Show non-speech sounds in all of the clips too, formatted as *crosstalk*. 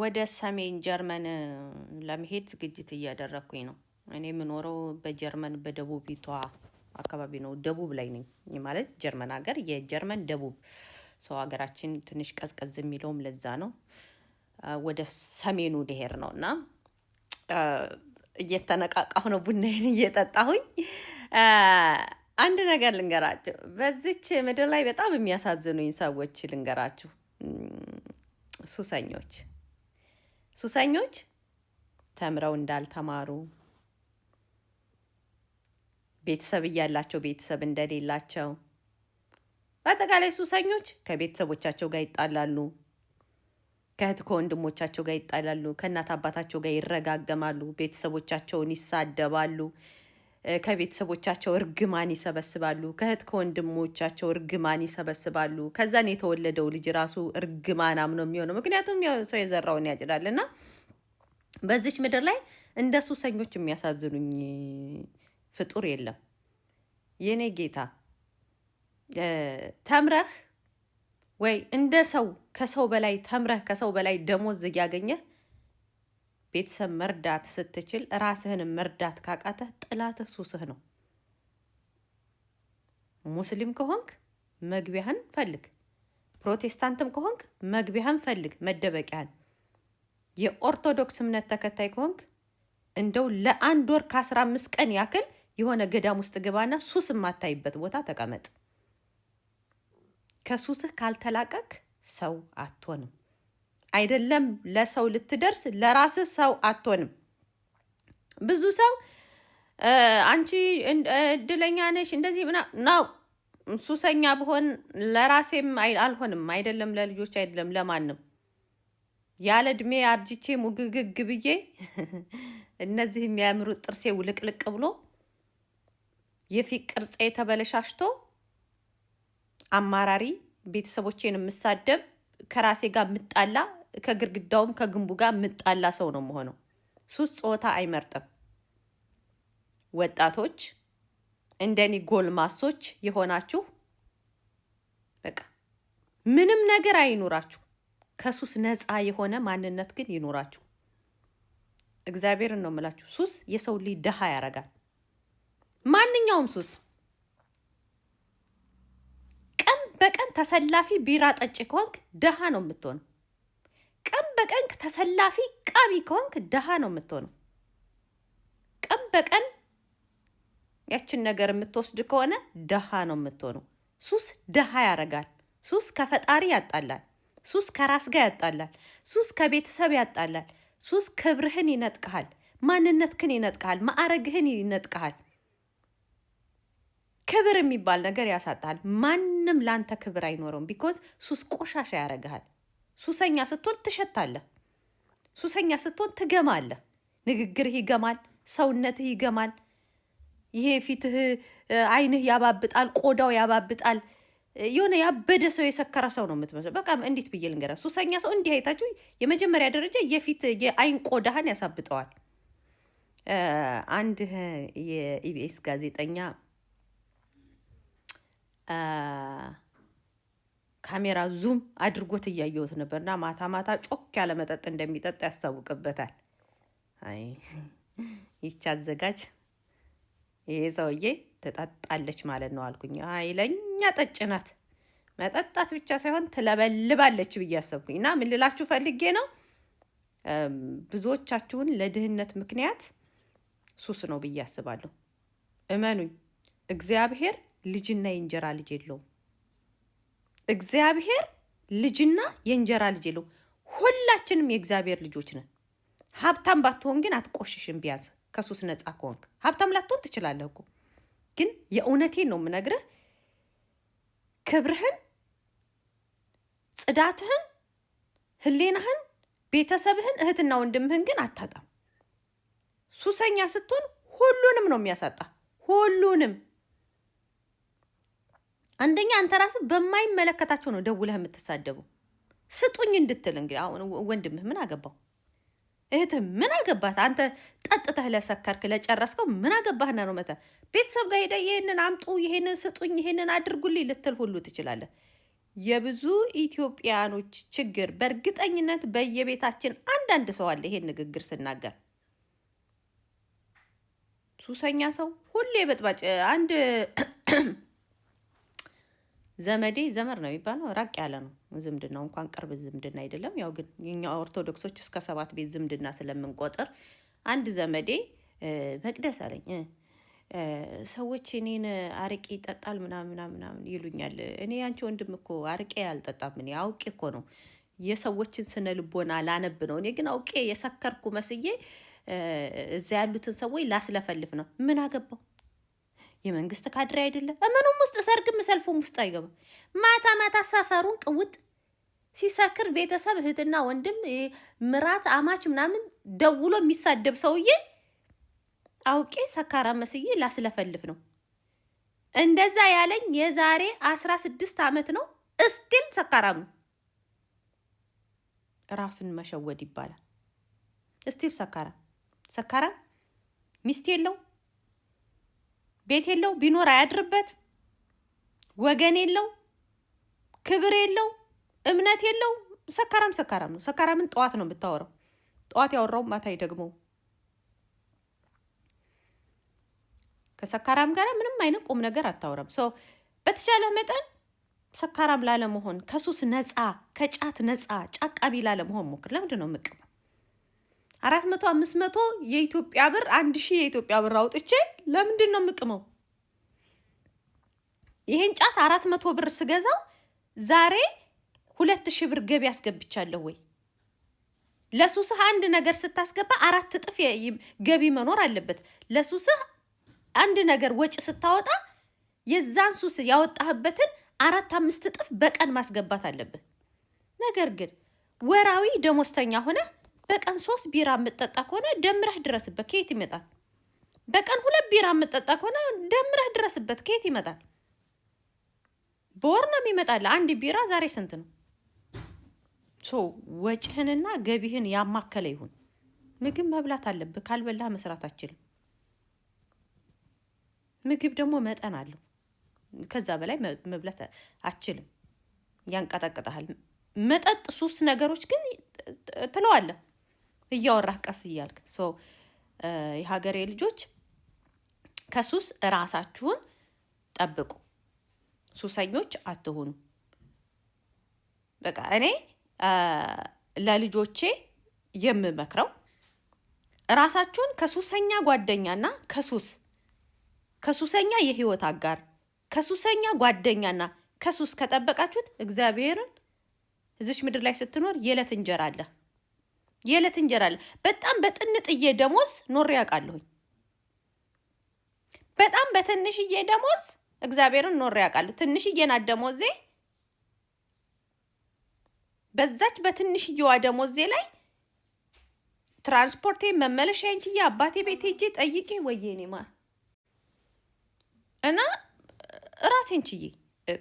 ወደ ሰሜን ጀርመን ለመሄድ ዝግጅት እያደረግኩኝ ነው። እኔ የምኖረው በጀርመን በደቡቢቷ አካባቢ ነው። ደቡብ ላይ ነኝ ማለት ጀርመን ሀገር፣ የጀርመን ደቡብ ሰው ሀገራችን ትንሽ ቀዝቀዝ የሚለውም ለዛ ነው። ወደ ሰሜኑ ልሄድ ነው እና እየተነቃቃሁ ነው፣ ቡናዬን እየጠጣሁኝ። አንድ ነገር ልንገራችሁ፣ በዚች ምድር ላይ በጣም የሚያሳዝኑኝ ሰዎች ልንገራችሁ፣ ሱሰኞች ሱሰኞች ተምረው እንዳልተማሩ ቤተሰብ እያላቸው ቤተሰብ እንደሌላቸው በአጠቃላይ ሱሰኞች ከቤተሰቦቻቸው ጋር ይጣላሉ፣ ከእህት ከወንድሞቻቸው ጋር ይጣላሉ፣ ከእናት አባታቸው ጋር ይረጋገማሉ፣ ቤተሰቦቻቸውን ይሳደባሉ፣ ከቤተሰቦቻቸው እርግማን ይሰበስባሉ፣ ከእህት ከወንድሞቻቸው እርግማን ይሰበስባሉ። ከዛን የተወለደው ልጅ ራሱ እርግማን አምኖ የሚሆነው ምክንያቱም ሰው የዘራውን ያጭዳል እና በዚች ምድር ላይ እንደ ሱሰኞች የሚያሳዝኑኝ ፍጡር የለም። የኔ ጌታ ተምረህ ወይ እንደ ሰው ከሰው በላይ ተምረህ ከሰው በላይ ደሞዝ እያገኘህ ቤተሰብ መርዳት ስትችል ራስህን መርዳት ካቃተ ጥላትህ ሱስህ ነው። ሙስሊም ከሆንክ መግቢያህን ፈልግ፣ ፕሮቴስታንትም ከሆንክ መግቢያህን ፈልግ፣ መደበቂያህን። የኦርቶዶክስ እምነት ተከታይ ከሆንክ እንደው ለአንድ ወር ከአስራ አምስት ቀን ያክል የሆነ ገዳም ውስጥ ግባና ሱስ የማታይበት ቦታ ተቀመጥ። ከሱስህ ካልተላቀክ ሰው አትሆንም። አይደለም ለሰው ልትደርስ ለራስ ሰው አትሆንም። ብዙ ሰው አንቺ እድለኛ ነሽ እንደዚህ ነው። ሱሰኛ ብሆን ለራሴም አልሆንም፣ አይደለም ለልጆች፣ አይደለም ለማንም ያለ እድሜ አርጅቼ ሙግግግ ብዬ *laughs* እነዚህ የሚያምሩ ጥርሴ ውልቅልቅ ብሎ የፊት ቅርጼ ተበለሻሽቶ አማራሪ ቤተሰቦቼን የምሳደብ ከራሴ ጋር የምጣላ ከግርግዳውም ከግንቡ ጋር ምጣላ ሰው ነው መሆነው። ሱስ ጾታ አይመርጥም። ወጣቶች እንደኔ ጎልማሶች የሆናችሁ በቃ ምንም ነገር አይኖራችሁ፣ ከሱስ ነፃ የሆነ ማንነት ግን ይኖራችሁ። እግዚአብሔርን ነው የምላችሁ። ሱስ የሰው ልጅ ድሃ ያረጋል። ማንኛውም ሱስ ቀን በቀን ተሰላፊ ቢራ ጠጭ ከሆንክ ድሃ ነው የምትሆነው። ቀን በቀን ተሰላፊ ቃቢ ከሆንክ ደሃ ነው የምትሆነው። ቀን በቀን ያችን ነገር የምትወስድ ከሆነ ደሃ ነው የምትሆነው። ሱስ ድሃ ያረጋል። ሱስ ከፈጣሪ ያጣላል። ሱስ ከራስ ጋር ያጣላል። ሱስ ከቤተሰብ ያጣላል። ሱስ ክብርህን ይነጥቅሃል። ማንነትህን ይነጥቀሃል። ማዕረግህን ይነጥቀሃል። ክብር የሚባል ነገር ያሳጣል ማንም ላንተ ክብር አይኖረውም። ቢኮዝ ሱስ ቆሻሻ ያረግሃል። ሱሰኛ ስትሆን ትሸታለህ። ሱሰኛ ስትሆን ትገማለህ። ንግግርህ ይገማል፣ ሰውነትህ ይገማል። ይሄ ፊትህ፣ አይንህ ያባብጣል፣ ቆዳው ያባብጣል። የሆነ ያበደ ሰው የሰከረ ሰው ነው የምትመስለው። በቃ እንዴት ብዬ ልንገራ፣ ሱሰኛ ሰው እንዲህ አይታችሁ፣ የመጀመሪያ ደረጃ የፊት የአይን ቆዳህን ያሳብጠዋል። አንድ የኢቢኤስ ጋዜጠኛ ካሜራ ዙም አድርጎት እያየሁት ነበርና ማታ ማታ ጮክ ያለ መጠጥ እንደሚጠጣ ያስታውቅበታል። አይ ይቺ አዘጋጅ ይሄ ሰውዬ ትጠጣለች ማለት ነው አልኩኝ። አይ ለእኛ ጠጭ ናት፣ መጠጣት ብቻ ሳይሆን ትለበልባለች ብዬ አሰብኩኝ። እና ምን ልላችሁ ፈልጌ ነው ብዙዎቻችሁን ለድህነት ምክንያት ሱስ ነው ብዬ አስባለሁ። እመኑኝ፣ እግዚአብሔር ልጅና የእንጀራ ልጅ የለውም። እግዚአብሔር ልጅና የእንጀራ ልጅ የለው። ሁላችንም የእግዚአብሔር ልጆች ነን። ሀብታም ባትሆን ግን አትቆሽሽም። ቢያንስ ከሱስ ነፃ ከሆንክ ሀብታም ላትሆን ትችላለህ እኮ ግን የእውነቴን ነው የምነግርህ። ክብርህን፣ ጽዳትህን፣ ህሌናህን፣ ቤተሰብህን፣ እህትና ወንድምህን ግን አታጣም። ሱሰኛ ስትሆን ሁሉንም ነው የሚያሳጣ ሁሉንም አንደኛ አንተ ራስህ በማይመለከታቸው ነው ደውለህ የምትሳደቡ። ስጡኝ እንድትል እንግዲህ አሁን ወንድምህ ምን አገባው? እህትህ ምን አገባት? አንተ ጠጥተህ ለሰከርክ ለጨረስከው ምን አገባህና ነው መተ ቤተሰብ ጋር ሄደ ይህንን አምጡ፣ ይሄንን ስጡኝ፣ ይሄንን አድርጉልኝ ልትል ሁሉ ትችላለህ። የብዙ ኢትዮጵያኖች ችግር በእርግጠኝነት በየቤታችን አንዳንድ ሰው አለ። ይሄን ንግግር ስናገር ሱሰኛ ሰው ሁሌ በጥባጭ አንድ ዘመዴ ዘመድ ነው የሚባለው ራቅ ያለ ነው። ዝምድናው እንኳን ቅርብ ዝምድና አይደለም። ያው ግን እኛ ኦርቶዶክሶች እስከ ሰባት ቤት ዝምድና ስለምንቆጥር አንድ ዘመዴ መቅደስ አለኝ። ሰዎች እኔን አርቄ ይጠጣል ምናምን ምናምን ይሉኛል። እኔ ያንቺ ወንድም እኮ አርቄ አልጠጣም። እኔ አውቄ እኮ ነው የሰዎችን ስነ ልቦና ላነብ ነው። እኔ ግን አውቄ የሰከርኩ መስዬ እዛ ያሉትን ሰዎች ላስለፈልፍ ነው። ምን አገባው? የመንግስት ካድሬ አይደለም። ምኑም ውስጥ ሰርግም ሰልፉም ውስጥ አይገባም። ማታ ማታ ሰፈሩን ቅውጥ ሲሰክር ቤተሰብ እህትና ወንድም ምራት አማች ምናምን ደውሎ የሚሳደብ ሰውዬ አውቄ ሰካራ መስዬ ላስለፈልፍ ነው። እንደዛ ያለኝ የዛሬ አስራ ስድስት ዓመት ነው። እስቲል ሰካራም ነው። ራሱን መሸወድ ይባላል። እስቲል ሰካራ ሰካራ ሚስት የለው ቤት የለው ቢኖር አያድርበት፣ ወገን የለው፣ ክብር የለው፣ እምነት የለው። ሰካራም ሰካራም ነው። ሰካራምን ጠዋት ነው የምታወራው። ጠዋት ያወራው ማታይ ደግሞ ከሰካራም ጋር ምንም አይነት ቁም ነገር አታወራም። ሰው በተቻለ መጠን ሰካራም ላለመሆን ከሱስ ነፃ ከጫት ነፃ ጫቃቢ ላለመሆን ሞክር። ለምንድን ነው አራት መቶ አምስት መቶ የኢትዮጵያ ብር አንድ ሺህ የኢትዮጵያ ብር አውጥቼ ለምንድን ነው የምቅመው? ይህን ጫት አራት መቶ ብር ስገዛው ዛሬ ሁለት ሺህ ብር ገቢ አስገብቻለሁ ወይ? ለሱስህ አንድ ነገር ስታስገባ አራት እጥፍ ገቢ መኖር አለበት። ለሱስህ አንድ ነገር ወጪ ስታወጣ የዛን ሱስ ያወጣህበትን አራት አምስት እጥፍ በቀን ማስገባት አለብህ። ነገር ግን ወራዊ ደሞዝተኛ ሆነህ በቀን ሶስት ቢራ የምጠጣ ከሆነ ደምረህ ድረስበት፣ ከየት ይመጣል? በቀን ሁለት ቢራ የምጠጣ ከሆነ ደምረህ ድረስበት፣ ከየት ይመጣል? በወር ነው የሚመጣል። አንድ ቢራ ዛሬ ስንት ነው? ወጭህንና ገቢህን ያማከለ ይሁን። ምግብ መብላት አለብህ። ካልበላ መስራት አችልም። ምግብ ደግሞ መጠን አለው። ከዛ በላይ መብላት አችልም፣ ያንቀጠቅጠሃል። መጠጥ፣ ሶስት ነገሮች ግን ትለዋለህ። እያወራህ ቀስ እያልክ የሀገሬ ልጆች ከሱስ እራሳችሁን ጠብቁ። ሱሰኞች አትሆኑ። በቃ እኔ ለልጆቼ የምመክረው እራሳችሁን ከሱሰኛ ጓደኛና ከሱስ ከሱሰኛ የህይወት አጋር ከሱሰኛ ጓደኛና ከሱስ ከጠበቃችሁት እግዚአብሔርን እዚች ምድር ላይ ስትኖር የዕለት እንጀራ አለ። የዕለት እንጀራ አለ። በጣም በጥንጥዬ ደሞዝ ኖሬ አውቃለሁኝ። በጣም በትንሽዬ ደሞዝ እግዚአብሔርን ኖሬ አውቃለሁ። ትንሽዬ ናት ደሞዜ። በዛች በትንሽዬዋ ደሞዜ ላይ ትራንስፖርቴ መመለሻ እንችዬ አባቴ ቤት ሄጄ ጠይቄ ወየኔ ማ እና ራሴን ችዬ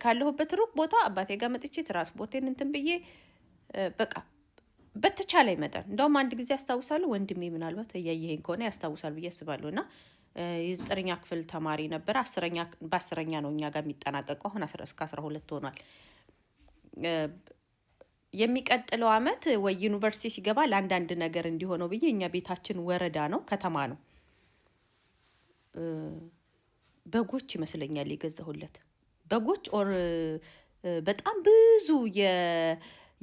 ካለሁበት ሩቅ ቦታ አባቴ ጋር መጥቼ ትራንስፖርቴን እንትን ብዬ በቃ በተቻለ መጠን እንደውም አንድ ጊዜ ያስታውሳሉ ወንድሜ ምናልባት እያየህን ከሆነ ያስታውሳል ብዬ አስባለሁ እና የዘጠነኛ ክፍል ተማሪ ነበረ። በአስረኛ ነው እኛ ጋር የሚጠናቀቀው። አሁን እስከ አስራ ሁለት ሆኗል። የሚቀጥለው አመት ወይ ዩኒቨርሲቲ ሲገባ ለአንዳንድ ነገር እንዲሆነው ብዬ እኛ ቤታችን ወረዳ ነው ከተማ ነው በጎች ይመስለኛል የገዛሁለት በጎች ኦር በጣም ብዙ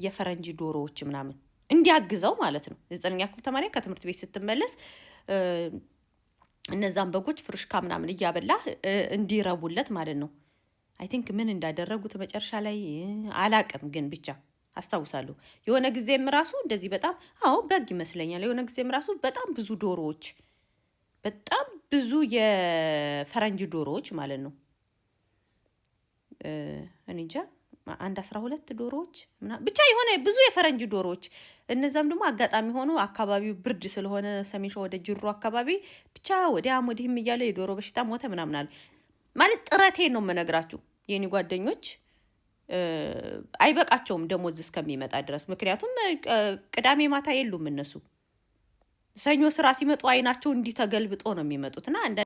የፈረንጅ ዶሮዎች ምናምን እንዲያግዘው ማለት ነው። የዘጠነኛ ክፍል ተማሪ ከትምህርት ቤት ስትመለስ እነዛን በጎች ፍርሽካ ምናምን እያበላህ እንዲረቡለት ማለት ነው። አይ ቲንክ ምን እንዳደረጉት መጨረሻ ላይ አላቅም፣ ግን ብቻ አስታውሳለሁ። የሆነ ጊዜም ራሱ እንደዚህ በጣም አዎ፣ በግ ይመስለኛል። የሆነ ጊዜም ራሱ በጣም ብዙ ዶሮዎች፣ በጣም ብዙ የፈረንጅ ዶሮዎች ማለት ነው። እኔ እንጃ አንድ አስራ ሁለት ዶሮዎች ብቻ የሆነ ብዙ የፈረንጅ ዶሮዎች። እነዛም ደግሞ አጋጣሚ ሆኖ አካባቢው ብርድ ስለሆነ ሰሜን ሸዋ ወደ ጅሩ አካባቢ ብቻ ወዲያም ወዲህም እያለ የዶሮ በሽታ ሞተ ምናምን ማለት ጥረቴ ነው የምነግራችሁ የኔ ጓደኞች አይበቃቸውም ደሞዝ እስከሚመጣ ድረስ። ምክንያቱም ቅዳሜ ማታ የሉም እነሱ ሰኞ ስራ ሲመጡ አይናቸው እንዲህ ተገልብጦ ነው የሚመጡት እና